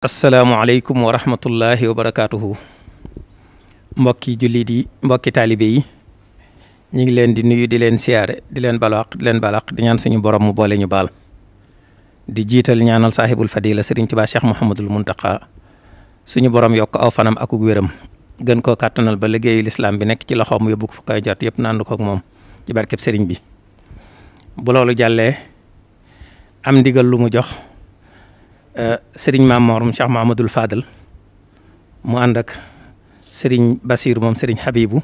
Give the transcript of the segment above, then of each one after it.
asalaamualeykum wa rahmatullahi wa barakaatuhu mbokki jullit yi mbokki taalibe yi ñu ngi leen di nuyu di leen siyaare di leen balaq di leen balaq di ñaan suñu borom mu boole ñu baal di jiital ñaanal saaxibul fadila sëriñ Tuubaa Cheikh Mouhamadul Muntaqa suñu borom yokk aw fanam akuk wéram gën koo kàttanal ba liggéeyu lislaam bi nekk ci loxoom yóbbu ko fu koy jot yëpp naandu kook moom ci barkeb sëriñ bi buloolu loolu jàllee am ndigal lu mu jox Euh, sëriñ maam Mor mu Cheikh Mahamadul Fadal mu ànd ak sëriñ Basir moom sëriñ Habibu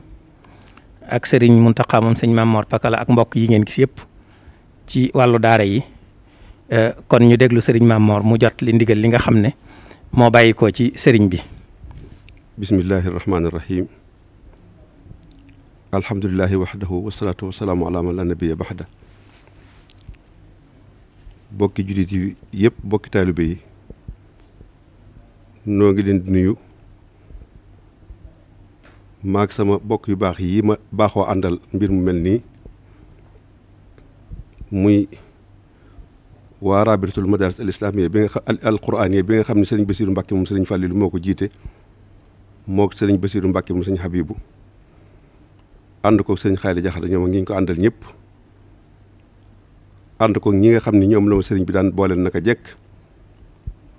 ak sëriñ Muntaqa moom sëriñ Pakala ak mbokk yi ngeen gis yëpp ci wàllu daara yi euh, kon ñu deglu sëriñ maam mu jot li ndigal li nga xam ne moo bàyyi ko ci sëriñ bi. bismillahi rahmaani rahim. alhamdulilahi waxdahu wasalaatu wasalaamu ala man baxda bokki jullit yi yëpp bokki taalibe yi noo ngi leen di nuyu maag sama bokk yu baax yi ma baaxoo àndal mbir mu mel nii muy waa rabitatul madaris al islamiyya bi nga xam al quraaniyya bi nga xam ne sëriñ Basiiru Mbàkke moom sëriñ Fàllilu moo ko jiite moo sëriñ Basiiru Mbàkke moom sëriñ Habibu ànd ko sëriñ Xaali Jaxate ñoom ngi ñu ko àndal ñëpp ànd ko ñi nga xam ni ñoom la ma sëriñ bi daan booleel nag jekk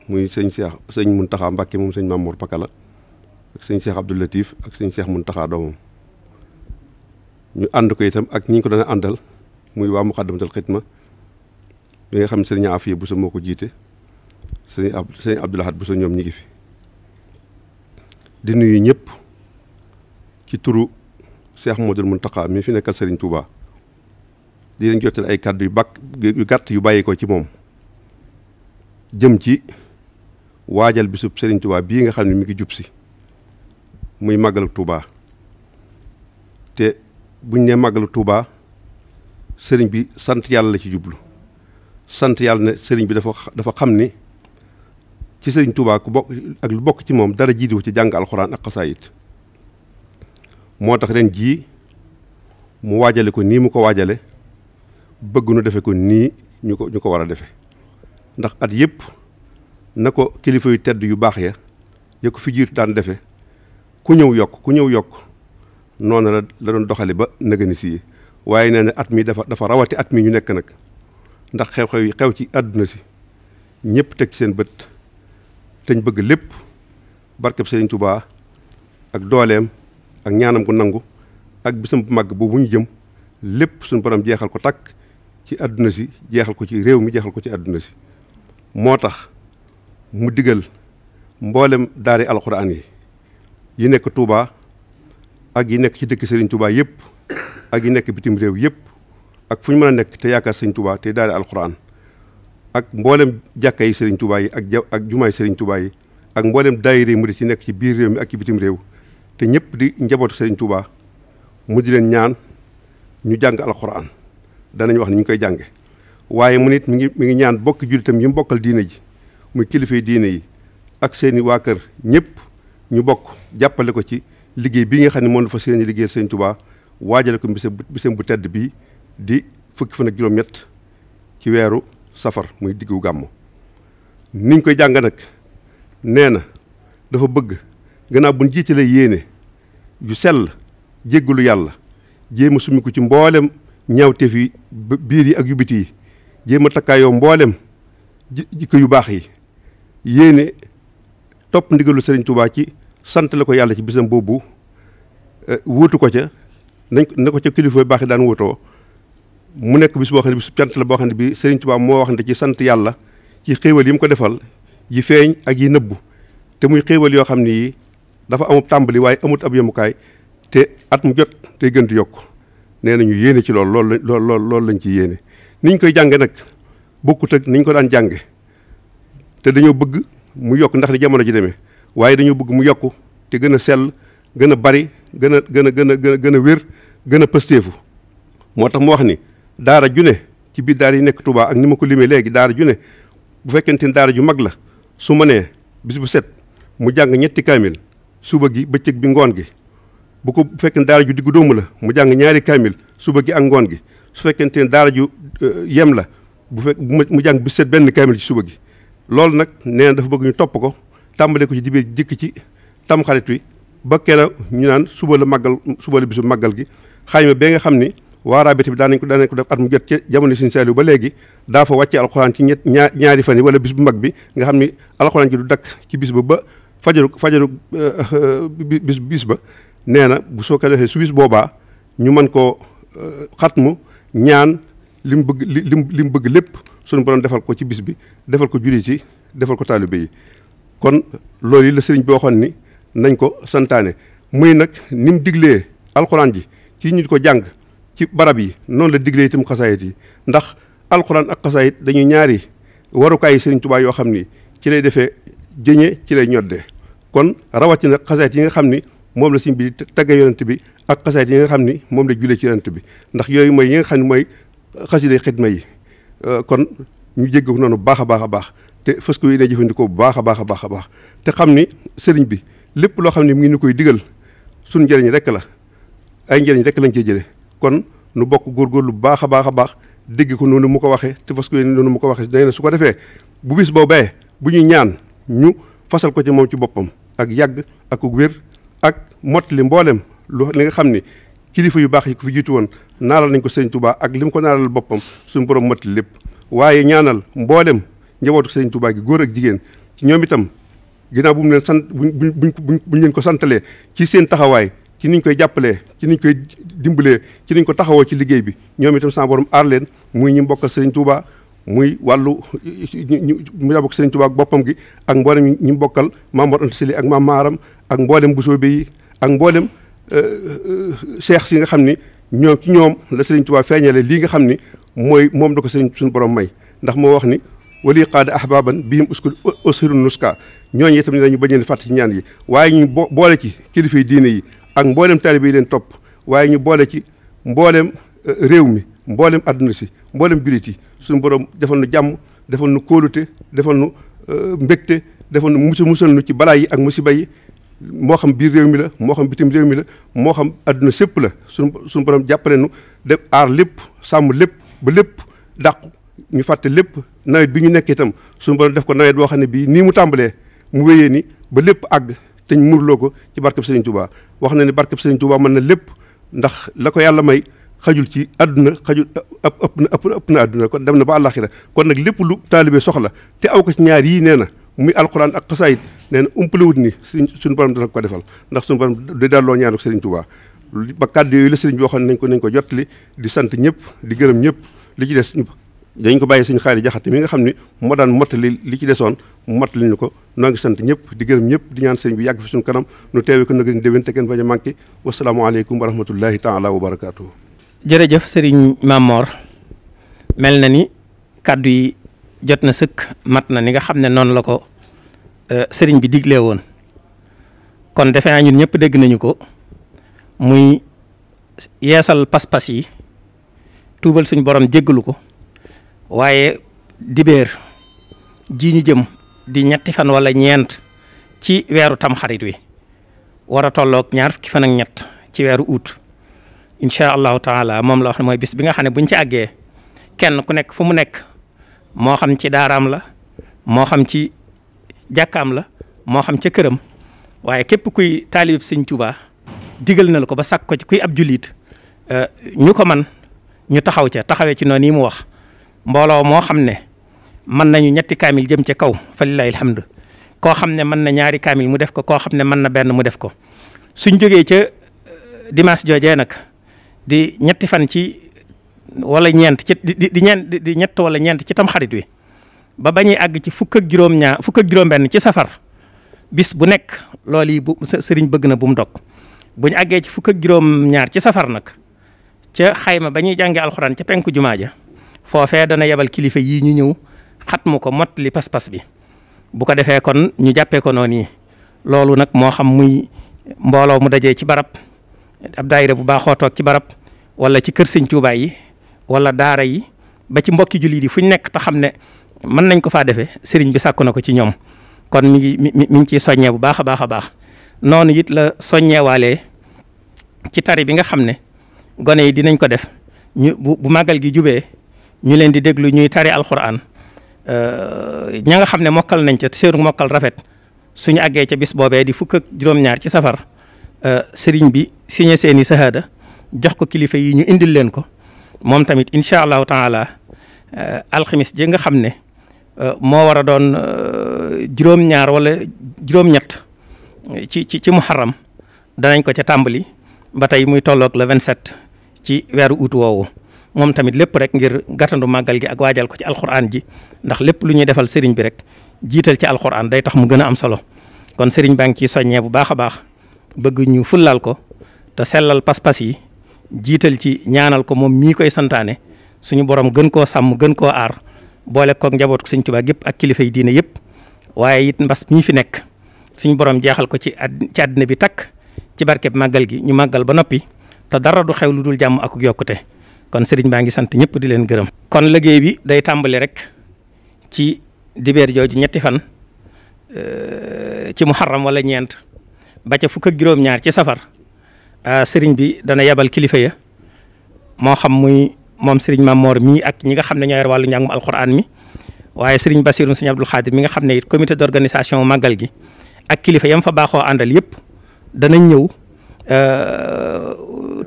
muy sëñ Cheikh sëñ Mountakha Mbacké moom sëñ Mamour Pakala sëñ Cheikh Abdou ak sëñ Cheikh Mountakha doomam ñu ànd ko itam ak ñi ko daan àndal muy waa Muqaddamatul Xidma bi nga xam ne sëriñ Afiya Bousso moo ko jiite sëriñ ab sëriñ Abdou Lahad Bousso ñoom ñi ngi fi di nuyu ñëpp ci turu Cheikh mun Mountakha mi fi nekkal sëriñ Touba. di leen jottali ay kàddu yu bakk yu gàtt yu bàyyi ko ci moom jëm ci waajal bisub Serigne Touba bii nga xam ne mu ngi jub si muy màggalu Touba te buñ ne màggalu Touba sëriñ bi sant yàlla la ci jublu sant yàlla ne sëriñ bi dafa dafa xam ni ci sëriñ Touba ku bokk ak lu bokk ci moom dara jiitu ci jàng alxuraan ak xasaayit moo tax ren jii mu waajale ko nii mu ko waajale bëgg nu defe ko nii ñu ko ñu ko war a defe ndax at yëpp na ko kilifa yu tedd yu baax ya ya ko fi jiitu daan defe ku ñëw yokk ku ñëw yokk noone la la doon doxale ba nëgëni si waaye nee na at mi dafa dafa rawati at mi ñu nekk nag ndax xew-xew xew ci àdduna si ñëpp teg seen bët teñ bëgg lépp barkeb Sëriñ Tubaa ak dooleem ak ñaanam ko nangu ak bisam bu màgg boobu ñu jëm lépp suñu borom jeexal ko takk ci àdduna si jeexal ko ci réew mi jeexal ko ci àdduna si moo tax mu digal mboolem daari alxuraan yi yi nekk Touba ak yi nekk ci dëkk sëriñ Touba yëpp ak yi nekk bitim réew yëpp ak fu ñu mën a nekk te yaakaar Serigne Touba te daari alxuraan ak mboolem jàkka yi Serigne Touba yi ak ja ak sëriñ Serigne yi ak mboolem daayira mu di ci nekk ci biir réew mi ak ci bitim réew te ñëpp di njabootu Serigne Touba mu di leen ñaan ñu jàng alxuraan danañ wax ni koy jànge waaye mun nit mi ngi mi ngi ñaan bokk jullitam yi mu bokkal diine ji muy kilifa diine yi ak seeni waa kër ñëpp ñu bokk jàppale ko ci liggéey bi nga xam ne moom la fas yéene liggéey Sëñ waajale ko mbise bisam bu tedd bii di fukki fan ak juróom-ñett ci weeru safar muy diggu gàmmu niñ koy jàng nag nee na dafa bëgg gannaaw buñ jiitalee yéene ju sell jéggalu yàlla jéema sumi ci mboolem ñaawteef yi biir yi ak yu biti yi jéem a takkaayoo mboolem jikko yu baax yi yéene topp ndigalu Serigne Touba ci sant la ko yàlla ci bisam boobu eh, wuutu ko ca nañ na ko ca kilifa baax yi daan wuutoo mu nekk bis boo xam ne bisu cant la boo xam ne bi Serigne Touba moo wax ne ci sant yàlla ci xéewal yi mu ko defal yi feeñ ak yi nëbbu te muy xéewal yoo xam ne yi dafa amub tàmbali waaye amut ab yemukaay te at mu jot tey gën di yokk nee nañu yéene ci lool lool lool loolu lañ ci yéene niñ koy jànge nag bokkut ak niñ ko daan jànge te dañoo bëgg mu yokk ndax di jamono ji demee waaye dañoo bëgg mu yokk te gën a sell gën a bari gën a gën a gën a gën a wér gën a pësteefu moo tax mu wax ni daara ju ne ci biir daar yi nekk Touba ak ni ma ko limee léegi daara ju ne bu fekkente ni daara ju mag la su ma nee bis bu set mu jàng ñetti kaamil suba gi bëccëg bi ngoon gi bu ko bu fekkee daara ju diggu dóomu la mu jàng ñaari kaamil suba gi ak ngoon gi su fekkente ne daara ju euh, yem la bu fekk mu jàng bu set benn kaamil ci suba gi loolu nag nee na dafa bëgg ñu topp ko tàmbale ko ci dibéer jëkk ci tam xarit wi ba kenn ñu naan suba la màggal suba la bisu màggal gi xayma bee nga xam ni waaraabite bi daanañ ko daanañ ko def at mu jot ci jamono Sëriñ Saaliw ba léegi daa fa wàcce alxuraan ci ñett ñaar ñaari fan yi wala bis bu mag bi nga xam ni alxuraan ji du dakk ci bis ba ba fajaru fajaru euh, euh, bis bis ba nee na bu soo ko defee su bis boobaa ñu mën koo euh, mu ñaan li mu bëgg li mu bëgg lépp suñu borom defal ko ci bis bi defal ko jullit yi defal ko taalibe yi kon loolu yi la sëriñ bi waxoon ni nañ ko santaane muy nag ni mu diglee alxuraan ji ci ñu ko jàng ci barab yi noonu la diglee itam xasaayit yi ndax alxuraan ak xasaayit dañuy ñaari warukaay yi sëriñ Tuubaa yoo xam ni ci lay defee jëñee ci lay ñoddee kon rawatina xasaayit yi nga xam ni moom la sëñ bi di tagga yonent bi ak xasaayit yi nga xam ni moom la julee ci yonent bi ndax yooyu mooy yi nga xam ne mooy xasida xidma yi euh, kon ñu jégg ko noonu baax a baax a baax te fas ko yéene jëfandikoo bu baax baax a baax a baax te xam ni sëriñ bi lépp loo xam ne mu ngi ñu koy digal suñ njëriñ rek la ay njëriñ rek lañ cee jëlee kon nu bokk góorgóorlu bu baax a baax a baax dégg ko noonu mu ko waxee te fas ko yéene noonu mu ko waxee dañ ne su ko defee bu bis boo bayee bu ñuy ñaan ñu fasal ko ci moom ci boppam ak yàgg ak wér ak mottali mboolem lu li nga xam ni kilifa yu baax yi ko fi jiitu woon naaral nañ ko sëñ Touba ak li mu ko naaral boppam suñ borom mottali lépp waaye ñaanal mboolem njabootu sëñ Touba gi góor ak jigéen ci ñoom itam ginnaaw bu mu leen sant buñ buñ buñ leen ko santalee ci seen taxawaay ci niñ koy jàppalee ci niñ koy dimbalee ci niñ ko taxawoo ci liggéey bi ñoom itam sama borom aar leen muy ñu mbokkal sëñ Touba muy wàllu mu yabok Sëriñ Tuubaa ak boppam gi ak mboolem ñi bokkal Maam Mor Anta ak Maam Maaram ak mboolem Buso bi yi ak mboolem cheikh euh, si nga xam ni ñoom ci ñoom la Sëriñ Tuubaa feeñale lii nga xam ni mooy moom da ko sëriñ suñu borom may ndax moo wax ni wali qaada ahbaban bihim uskul ushiru nuska ñooñu itam ne dañu bañ leen fàtte ci ñaan yi waaye ñu boole ci kilifa yi diine yi ak mboolem taalibe yi leen topp waaye ñu boole ci mboolem euh, réew mi mboolem adduna si mboolem jurit yi suñu borom defal nu jàmm defal nu kóolute defal nu euh, mbégte defal nu musu musal nu ci balaa yi ak musiba yi moo xam biir réew mi la moo xam bitim réew mi la moo xam adduna sépp la suñu suñu borom jàppale nu def aar lépp sàmm lépp ba lépp dàqu ñu fàtte lépp nawet bi ñu nekk itam suñu borom def ko nawet boo xam ne bii nii mu tàmbalee mu wéyee ni ba lépp àgg te ñu muurloo ko ci barkeb Serigne jubaa wax na ne barkeb Serigne Touba mën na lépp ndax la ko yàlla may xajul ci àdduna xajul ëpp ëpp na ëpp na àdduna kon dem na ba àllaaxira kon nag lépp lu taalibe soxla te aw ko ci ñaar yii nee na muy alxuraan ak xasaayit nee na umpalewut ni suñ suñu borom dana ko defal ndax suñu borom day daal loo ñaanu Serigne Touba ba kàddu yooyu la Serigne bi waxoon nañ ko nañ ko jottali di sant ñëpp di gërëm ñëpp li ci des dañ ko bàyyi suñu xaari jaxate mi nga xam ne moo daan mottali li ci desoon mottali ñu ko noo ngi sant ñëpp di gërëm ñëpp di ñaan sëñ bi yàgg fi suñu kanam nu teewee ko nag déwén te kenn bañ a manqué wasalaamaaleykum wa rahmatullahi taala wa barakaatuhu jërëjëf sëriñ Mamor mel na ni kàddu yi jot na sëkk mat na ni nga xam ne noonu la ko euh, sëriñ bi diglee woon kon defe naa ñun ñëpp dégg nañu ko muy yeesal pas-pas yi tuubal suñ borom jéggalu ko waaye dibeer ji ñu jëm di ñetti fan wala ñeent ci weeru tamxarit wi war a tollook ñaar fukki fan ñett ci weeru ut incha allahu taala moom la wax ne mooy bis bi nga xam kenn ku nekk fu mu nekk moo xam ci daaraam la moo xam ci jàkkaam la moo xam ca këram waaye képp kuy taalib sëñ Tuubaa digal na ko ba sàkk ko ci kuy ab jullit euh, ñu ko man ñu taxaw ca taxawee ci noonu yi mu wax mbooloo moo xam ne mën nañu ñetti kaamil jëm ca kaw fa lillahi alhamdu koo xam ne mën na ñaari kaamil mu def ko koo xam ne mën na benn mu def ko suñ jógee ca euh, dimanche joojee nag di ñetti fan ci wala ñeent ci di ñeent di ñett wala ñeent ci tam xarit wi ba bañuy àgg ci fukk juróom-ñaar fukk juróom ci safar bis bu nekk loolu yi bu sëriñ bëgg na bu mu dog bu ñu àggee ci fukk ak ñaar ci safar nag ca xayma ba ñuy jàngee alxuraan ca penku jumaa ja foofee dana yebal kilifa yii ñu ñëw xat mu ko mot li pas-pas bi bu ko defee kon ñu jàppee ko noonu yi loolu nag moo xam muy mbooloo mu dajee ci barab. ab daayira bu baaxoo toog ci barab wala ci kër sëñ Tuubaa yi wala daara yi ba ci mbokki jullit yi fu ñu nekk te xam ne mën nañ ko faa defee sëriñ bi sàkku na ko ci ñoom kon mi ngi ngi ciy soññee bu baax baax a baax noonu it la soññeewaalee ci tari bi nga xam ne gone yi dinañ ko def ñu bu bu gi jubee ñu leen di déglu ñuy tari alxuraan euh, ña nga xam ne mokkal nañ ca seenu mokkal rafet suñu àggee ca bis boobee di fukk ak juróom-ñaar ci safar. Euh, sëriñ bi signé seeni sahaada jox ko kilifa yi ñu indil leen ko moom tamit incha allahu taala euh, alxamis ji nga xam ne euh, moo war a doon juróom-ñaar wala juróom-ñett ci ci ci muharram danañ ko ca tàmbali ba tey muy tolloog le 27 ci weeru août woowu moom tamit lépp rek ngir gàttandu màggal gi ak waajal ko ci alxuraan ji ndax lépp lu ñuy defal sëriñ bi rek jiital ci alxuraan day tax mu gën a am solo kon sëriñ baa ngi ciy baax baax. bëgg ñu fullal ko te sellal pas-pas yi jiital ci ñaanal ko moom mii koy santaane suñu borom gën koo sàmm gën koo aar boole koog njaboot ko Sëñ Tuubaa gépp ak kilifa yi diine yëpp waaye it mbas mii fi nekk suñu borom jeexal ko ci ci àddina bi takk ci barkeb màggal gi ñu màggal ba noppi te dara du xew lu dul jàmm ak yokkute kon sëriñ baa ngi sant ñëpp di leen gërëm. kon liggéey bi day tàmbali rek ci dibeer jooju ñetti fan euh, ci muharram wala ñeent. ba ca fukk ak juróom-ñaar ci safar sëriñ bi dana yebal kilifa ya moo xam muy moom sëriñ Mamor mii ak ñi nga xam ne ñoo yor wàllu njàngum alxuraan mi waaye sëriñ Bassirou sëriñ Abdul Xaadir mi nga xam ne it comité d' organisation màggal gi ak kilifa yam fa baaxoo àndal yëpp danañ ñëw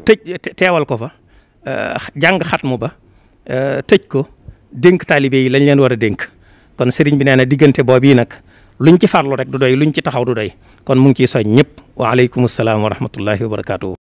tëj teewal ko fa jàng xatmu ba tëj ko dénk taalibe lañ leen war a dénk kon sëriñ bi nee na diggante boobu yi nag. luñ ci farlu rek du doy luñ ci taxaw du doy kon mu ngi ciy soñ ñëpp waaleykum salaam wa rahmatullahi wa barakaatu.